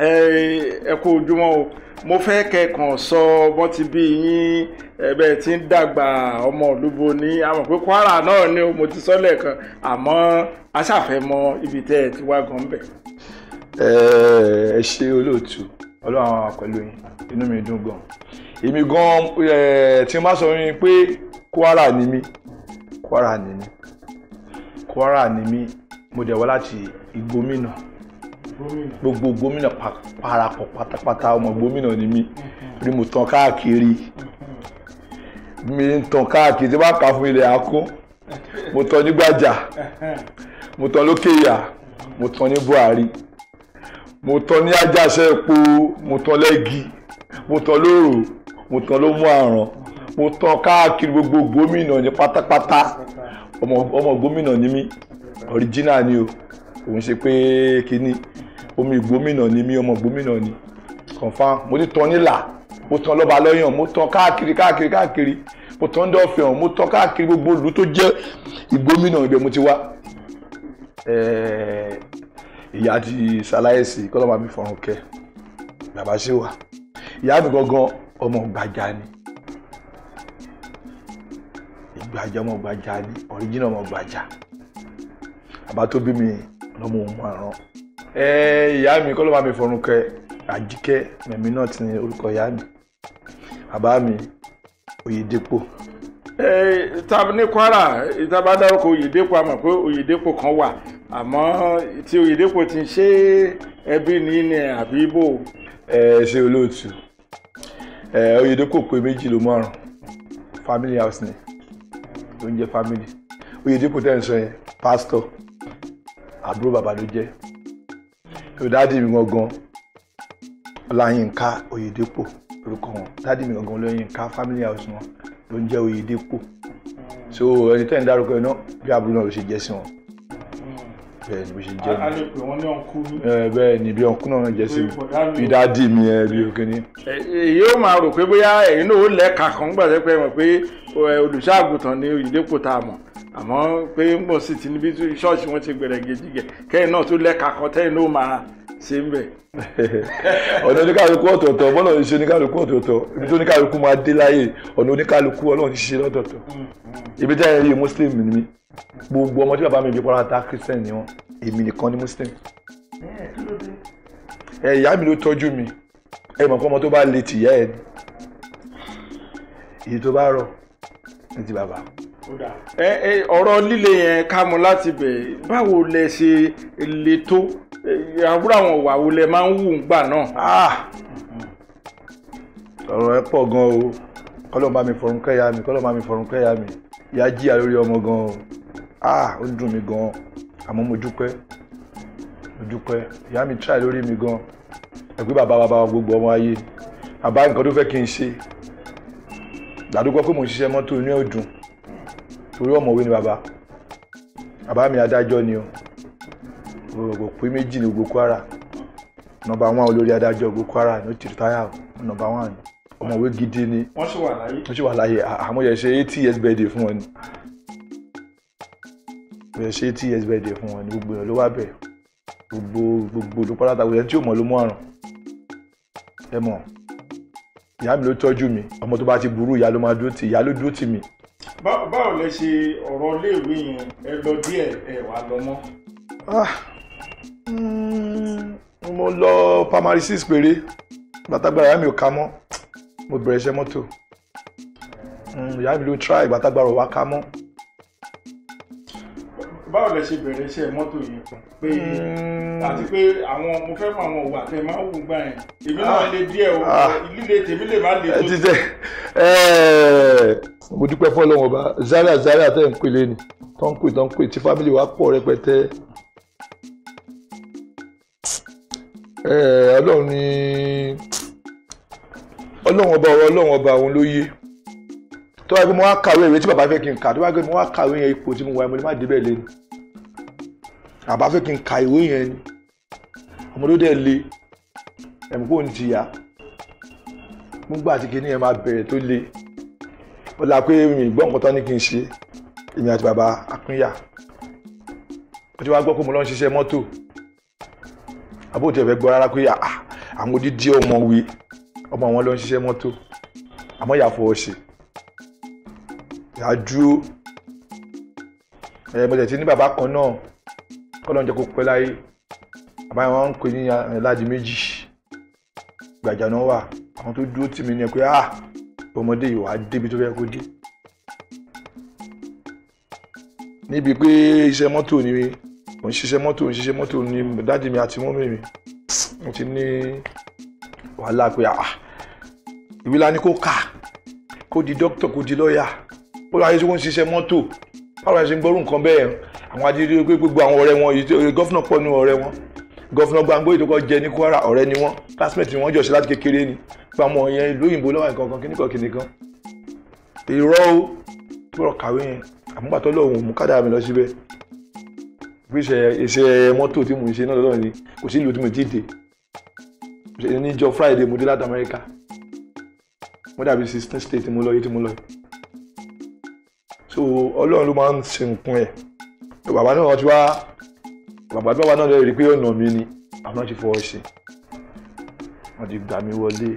ẹ kú ojúmọ́ o mo fẹ́ kẹ́kàn sọ bọ́n ti bí yín ẹ̀bẹ̀ tí ń dàgbà ọmọ òlúbo ní àmọ̀ pé Kwara náà ni mo ti sọ lẹ́ẹ̀kan àmọ́ aṣàfẹ́ mọ ibi tẹ́ ẹ ti wá gan bẹ̀. ẹ ṣe olóòtú ọlọ́run àwọn pẹ̀lú yín inú mi dùn gan èmi gan tí n bá sọ yín pé Kwara ni mí Kwara ni mí Kwara ni mí mo dẹ̀ wá láti Igbómìnà gbogbo gómìnà parapọ̀ pátápátá ọmọ gómìnà ni mí rí mo tàn káàkiri mi ń tàn káàkiri tí wọ́n kà fún ilẹ̀ akó mo tàn ní gbàjà mo tàn lókè ìyà mo tàn ní buhari mo tàn ní ajáṣẹ́ epo mo tàn lẹ́gi mo tàn lóòrò mo tàn ló mú àràn mo tàn káàkiri gbogbo gómìnà ní pátápátá ọmọ gómìnà ni mí original ni o kò ń ṣe pé kínní omi gómìnà ni mí ọmọ gómìnà ni confam mo ti tán nílà mo tán lọ́ba lọ́yàn mo tán káàkiri káàkiri káàkiri mo tán dọ́fẹ̀ hàn mo tán káàkiri gbogbo ìlú tó jẹ́ ìgbómìnà ibẹ̀ mo ti wá ìyá ti ṣaláyèsí kọ́lọ́ máa fi fọ̀rùn kẹ́ bàbá ṣe wà ìyá mi gangan ọmọ gbàjà ni ìgbàjà ọmọ gbàjà ni ọ̀ríjìnà ọmọ gbàjà bàbá tó bí mi lọ́mọ òun máa ràn. ẹ ìyá mi kọ́ ló máa mi fọrùn kẹ àjíkẹ́ mẹ̀mí náà ti ní orúkọ ìyá mi bàbá mi Oyèdépò. ẹ ìtàbí ní Kwara ìtàbí adarúkọ Oyèdépò a mọ̀ pé Oyèdépò kan wà àmọ́ tí Oyèdépò ti ṣe ẹbí ní ní àbí ibo. ẹ ṣe olóòtú ẹ Oyèdépò pé méjì ló márùn family house ni ló family Oyèdépò tẹ̀ ń sọ yẹn pastor àbúrò bàbá ló jẹ́ dádì mi gangan ọláyínká oyèdépò orúkọ wọn dádì mi gangan ọláyínká family house wọn ló ń jẹ́ oyèdépò so ẹni tẹ́ ń dárúkọ yẹn náà bí àbúrò náà ló ṣe jẹ́ sí wọn bẹ́ẹ̀ ni bó ṣe jẹ́ ni bẹ́ẹ̀ ni bí ọkùnrin náà jẹ́ sí mi bí dádì mi ẹ bí òkèní. èyí ó máa rò pé bóyá ẹ̀yin náà ó lẹ́ka kan gbàdẹ́pẹ́ mọ̀ pé olùṣọ́ ni oyèdépò tá a mọ̀ àmọ́ pé mo sì ti níbi tí ṣọ́ọ̀ṣì wọn ti gbẹ̀rẹ̀ gèjìgẹ̀ kẹ́yìn náà tó lẹ́ka kan tẹ́yìn ló máa ṣe ń bẹ̀. ọ̀nà oníkàlùkù ọ̀tọ̀ọ̀tọ̀ bọ́lá ní ṣe oníkàlùkù ọ̀tọ̀ọ̀tọ̀ ibi tí oníkàlùkù máa dé láyè ọ̀nà oníkàlùkù ọlọ́run ṣe lọ́tọ̀ọ̀tọ̀ mm, mm, mm. ibi tí ayẹyẹ muslim ni mí gbogbo ọmọ tí bàbá mi bí pọ́nrata christian ni wọn muslim. Eh, ìyá mi ló tọ́jú mi ẹ mọ̀ pé ọmọ tó bá le tìyá ẹ ẹ ọ̀rọ̀ líle yẹn ká mọ láti bẹ̀ báwo lẹ ṣe lè tó àbúrò àwọn ìwà wo lẹ máa ń wù ńgbà náà. Ah! ọ̀rọ̀ ẹ pọ̀ gan o kọ́lọ́ bá mi fọ̀rùn kẹ́yà mi kọ́lọ́ bá mi fọ̀rùn kẹ́yà mi ìyá jìyà lórí ọmọ gan o ah! ó dùn mí gan àmọ́ mo dúpẹ́ mo dúpẹ́ ìyá mi tíráì lórí mi gan ẹgbẹ́ bàbá bàbá gbogbo ọmọ ayé bàbá nǹkan tó fẹ́ kí n ṣe dàdúgbọ́ pé mo ń ṣiṣẹ́ mọ́tò inú ẹ̀ torí ọ̀mọ̀wé ni bàbá bàbá mi adájọ́ ni o gbogbo pé méjì ní gbogbo Kwara nọ́mbà one olórí adájọ́ gbogbo Kwara ní ó ti retire o nọ́mbà one ni ọ̀mọ̀wé gidi ni wọ́n sì wà láyé wọ́n sì wà láyé àmúyẹ ṣe eighty years birthday fún wọn ni bẹ̀rẹ̀ ṣe eighty years birthday fún wọn ni gbogbo èèyàn ló wá bẹ̀ gbogbo gbogbo olùpàdàtà wọ̀nyẹn tí yóò mọ̀ ló mú àrùn ẹ mọ̀ ìyá mi ló tọ́jú mi ọmọ tó bá ti burú ìyá ló máa dúró tì ìyá ló dúró tì mí báwo lẹ ṣe ọ̀rọ̀ iléèwé yẹn ẹ lọ díẹ̀ ẹ wà lọ mọ́. Ah, hmm, mo lọ primary six péré gbàtàgbàrà mi ò ká mọ́ mo bẹ̀rẹ̀ iṣẹ́ mọ́tò hmm, ìyá mi ló try gbàtàgbàrà ò wá ká mọ́ báwo lẹ ṣe bẹ̀rẹ̀ iṣẹ́ mọ́tò yẹn pé hmm. àti pé àwọn mo fẹ́ fún àwọn òwò àtẹ máa ń wù gbà yẹn èmi náà ah. lè díẹ̀ o ah. líle tèmi lè má le tó mo dúpẹ́ fọlọ́wọ́n ọba zaria zaria tẹ́ ń pè lé ni tó ń pè tó ń pè tí fámìlì wa pọ̀ rẹpẹtẹ. ọlọ́run ni ọlọ́run ọba ọ̀rọ̀ ọlọ́run ọba òun ló yé tó wáá pé mo wá kàwé ìwé tí bàbá fẹ́ kí n kà tó wáá pé mo wá kàwé yẹn ipò tí mo wà mo lè má débẹ̀ lé ni bàbá fẹ́ kí n ka ìwé yẹn ni ọmọdé dẹ̀ le ẹ̀mí kò ń jìyà mo gbà tí kinní yẹn máa bẹ̀rẹ̀ tó le ó la pé mi gbọ́ nǹkan tán ní kí n ṣe èmi àti bàbá akúnyà ó ti wá gbọ́ pé mo lọ ń ṣiṣẹ́ mọ́tò àbóòtú ẹ̀fẹ̀ gbọ́ rárá pé ah, ah, àwọn odidi ọmọ wi ọmọ wọn lọ ń ṣiṣẹ́ mọ́tò àmọ́ ìyá fọwọ́ ṣe ìyá dúró ẹ̀ mọ̀tẹ̀ tí ní bàbá kan náà kọ́ ló ń jẹ́ kó pẹ́ láyé bàbá wọn ń pè ní eh, Ládi méjì gbàjà náà wà àwọn tó dúró tì mí ni ẹ pé ah ọmọdé yìí wàá débi tó fẹ́ kó dé níbi pé iṣẹ́ mọ́tò ni mo ń ṣiṣẹ́ mọ́tò ń ṣiṣẹ́ mọ́tò ni dáàdì mi àti mọ́mì mi mo ti ní wàhálà pé àà ah, ìwé la ní kó kà kó di dókítà kó di lọ́ọ̀yà ó lọ ayé tí wọ́n ń ṣiṣẹ́ mọ́tò báwo la ṣe ń gbọ́rù nǹkan bẹ́ẹ̀ àwọn adìrẹ́ gbogbo àwọn ọ̀rẹ́ wọn gọ́fìnà pọ̀ nínú ọ̀rẹ́ wọn gọ́fìnà Gbàngbóyè tó kọ́ jẹ ní Kwara ọ̀rẹ́ ni wọ́n classmate ni wọ́n jọ ṣe láti kékeré ni fún àwọn yẹn ìlú òyìnbó lọ́wọ́ nǹkan kan kíníkan kíníkan irọ́ o gbọ́dọ̀ kàwé yẹn àmúgbàtọ́ lọ́hùn mú kádà mi lọ síbẹ̀ bí iṣẹ́ mọ́tò tí mò ń ṣe náà lọ́dọ̀ ni kò sí ìlú tí mo ti dé níjọ́ Friday mo dé láti Amẹ́ríkà mo dàbí sixteen state mo lọ yìí tí mo lọ yìí so Ọlọ́run ló máa ń ṣe nǹkan ẹ̀ bàbá náà ti wá bàbá bàbá náà lè rí pé ọ̀nà mi ni àmọ́ ti fọwọ́ sí wọ́n ti gbà mí wọlé